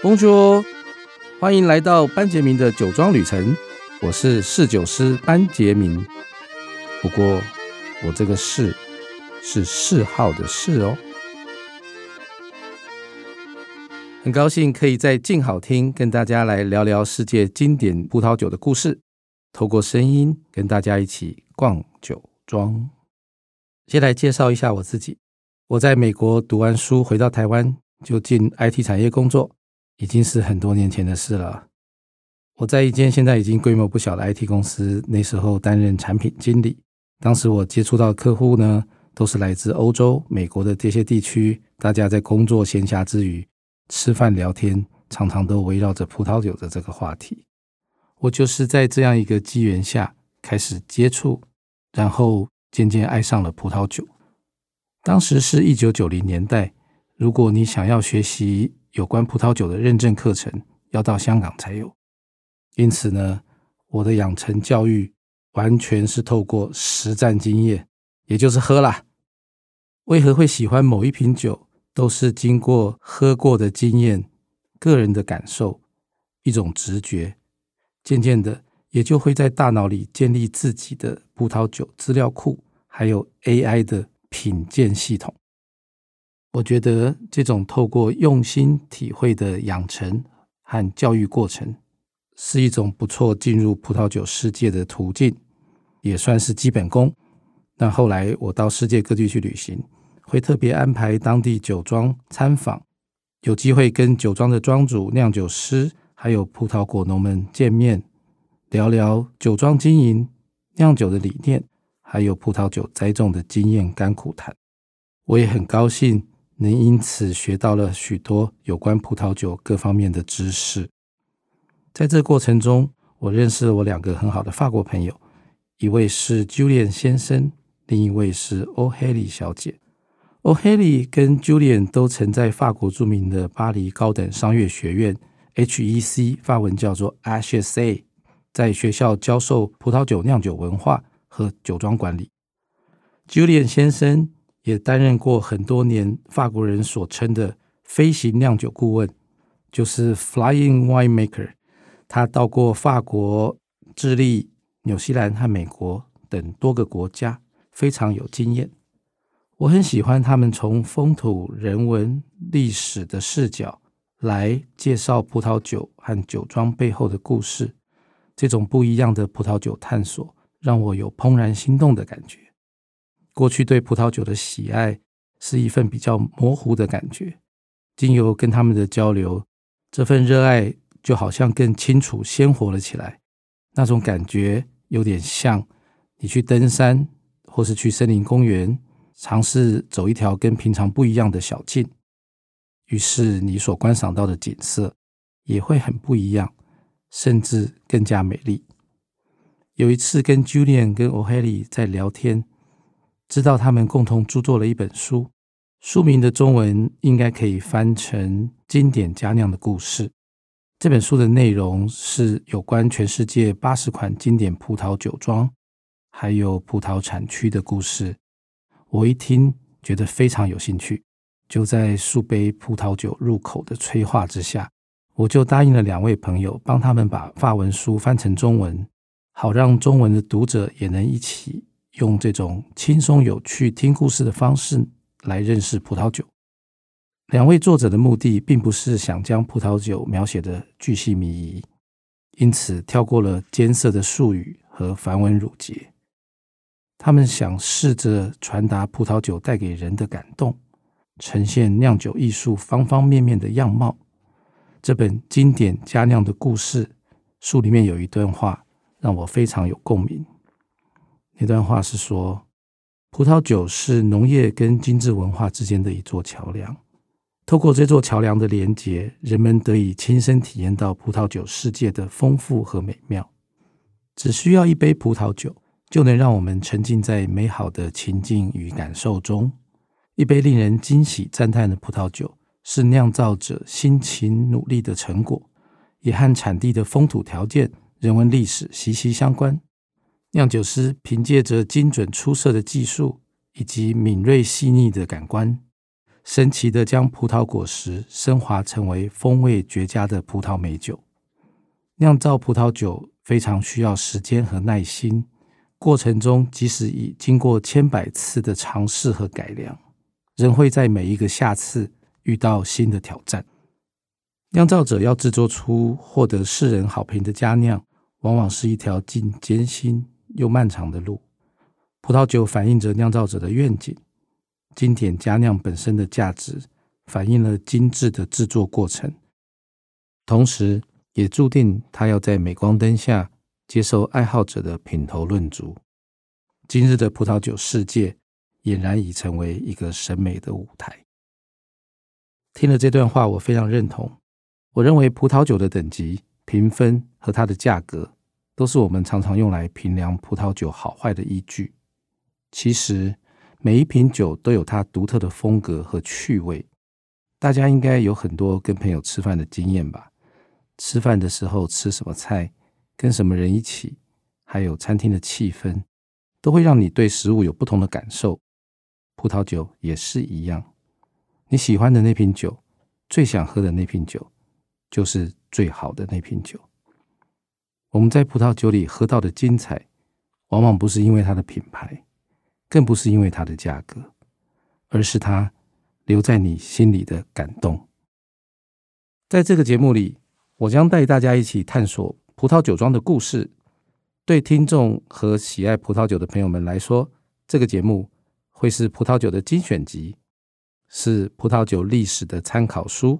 同學，歡迎來到班傑銘的酒莊旅程。我是侍酒師班傑銘，不過我這個侍是嗜好的嗜哦。很高興可以在靜好聽跟大家來聊聊世界經典葡萄酒的故事，透過聲音跟大家一起逛酒莊。先來介紹一下我自己，我在美國讀完書回到台灣就進 IT 產業工作。已經是很多年前的事了。我在一間現在已經規模不小的 IT 公司，那時候擔任產品經理。當時我接觸到的客戶呢，都是來自歐洲、美國的這些地區。大家在工作閒暇之餘吃飯聊天，常常都圍繞着葡萄酒的這個話題。我就是在這樣一個機緣下開始接觸，然後漸漸愛上了葡萄酒。當時是一九九零年代，如果你想要學習。有關葡萄酒的認證課程要到香港才有，因此呢，我的養成教育完全是透過實戰經驗，也就是喝啦。為何會喜歡某一瓶酒，都是經過喝過的經驗、個人的感受、一種直覺，漸漸的也就會在大腦裡建立自己的葡萄酒資料庫，還有 AI 的品鑑系統。我覺得這種透過用心體會的養成和教育過程，是一種不錯進入葡萄酒世界的途徑，也算是基本功。但後來我到世界各地去旅行，會特別安排當地酒莊參訪，有機會跟酒莊的莊主、釀酒師還有葡萄果農們見面，聊聊酒莊經營、釀酒的理念，還有葡萄酒栽種的經驗甘苦談。我也很高興，能因此學到了許多有關葡萄酒各方面的知識。在這過程中，我認識了我兩個很好的法國朋友，一位是 Julian 先生，另一位是 O'Haley 小姐。O'Haley 跟 Julian 都曾在法國著名的巴黎高等商業學院 （HEC） 法文，叫做 HSA 在學校教授葡萄酒釀酒文化和酒莊管理。Julian 先生。也擔任過很多年法國人所稱的飛行釀酒顧問，就是 Flying Winemaker。他到過法國、智利、紐西蘭和美國等多個國家，非常有經驗。我很喜歡他們從風土、人文、歷史的視角來介紹葡萄酒和酒莊背後的故事。這種不一樣的葡萄酒探索，讓我有怦然心動的感覺。過去對葡萄酒的喜愛是一份比較模糊的感覺，經由跟他們的交流，這份熱愛就好像更清楚、鮮活了起來。那種感覺有點像你去登山或是去森林公園，嘗試走一條跟平常不一樣的小徑，於是你所觀賞到的景色也會很不一樣，甚至更加美麗。有一次跟 Julian 跟 O’Hare 在聊天。知道他們共同著作了一本書，書名的中文應該可以翻成《經典佳釀的故事》。這本書的內容是有關全世界八十款經典葡萄酒莊，還有葡萄產區的故事。我一聽覺得非常有興趣，就在數杯葡萄酒入口的催化之下，我就答應了兩位朋友，幫他們把法文書翻成中文，好讓中文的讀者也能一起。用這種輕鬆有趣、聽故事的方式來認識葡萄酒。兩位作者的目的並不是想將葡萄酒描寫得巨細靡遺，因此跳過了艱澀的術語和繁文縟節。他們想試着傳達葡萄酒帶給人的感動，呈現釀酒藝術方方面面的樣貌。這本經典佳釀的故事書裡面有一段話，讓我非常有共鳴。一段話是說，葡萄酒是農業跟精致文化之間的一座橋樑。透過這座橋樑的連接，人們得以親身體驗到葡萄酒世界的豐富和美妙。只需要一杯葡萄酒，就能讓我們沉浸在美好的情境與感受中。一杯令人驚喜讚嘆的葡萄酒，是釀造者辛勤努力的成果，也和產地的風土條件、人文歷史息息相關。釀酒師憑借着精準出色的技術以及敏銳細膩的感官，神奇的將葡萄果實升華成為風味絕佳的葡萄美酒。釀造葡萄酒非常需要時間和耐心，過程中即使已經過千百次的嘗試和改良，仍會在每一個下次遇到新的挑戰。釀造者要制作出獲得世人好評的佳釀，往往是一條盡艱辛。又漫長的路，葡萄酒反映着釀造者的願景，經典佳釀本身的價值，反映了精緻的制作過程，同時也注定它要在鎂光燈下接受愛好者的品頭論足。今日的葡萄酒世界儼然已成為一個審美的舞台。聽了這段話，我非常認同。我認為葡萄酒的等級評分和它的價格。都是我們常常用來評量葡萄酒好壞的依據。其實每一瓶酒都有它獨特的風格和趣味。大家應該有很多跟朋友吃飯的經驗吧？吃飯的時候吃什麼菜，跟什麼人一起，還有餐廳的氣氛，都會讓你對食物有不同的感受。葡萄酒也是一樣，你喜歡的那瓶酒，最想喝的那瓶酒，就是最好的那瓶酒。我們在葡萄酒裡喝到的精彩，往往不是因為它的品牌，更不是因為它的價格，而是它留在你心裡的感動。在這個節目裡，我將帶大家一起探索葡萄酒莊的故事。對聽眾和喜愛葡萄酒的朋友們來說，這個節目會是葡萄酒的精選集，是葡萄酒歷史的參考書，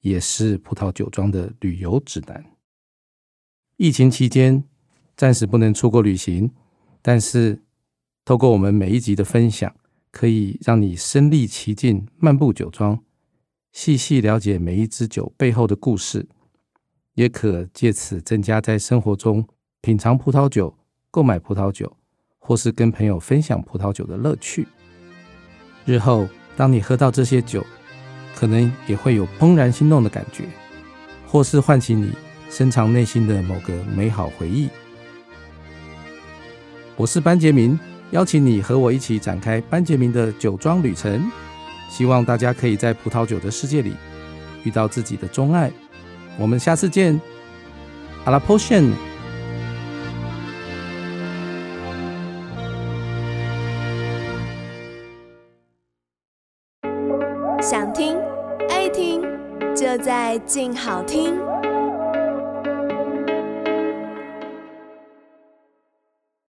也是葡萄酒莊的旅遊指南。疫情期間暫時不能出國旅行，但是透過我們每一集的分享，可以讓你身歷其境，漫步酒莊，細細了解每一支酒背後的故事，也可借此增加在生活中品嘗葡萄酒、購買葡萄酒，或是跟朋友分享葡萄酒的樂趣。日後當你喝到這些酒，可能也會有怦然心動的感覺，或是喚起你深藏內心的某個美好回憶。我是班傑銘，邀請你和我一起展開班傑銘的酒莊旅程。希望大家可以在葡萄酒的世界裡遇到自己的鍾愛。我們下次見。À la prochaine！想聽愛聽，就在靜好聽。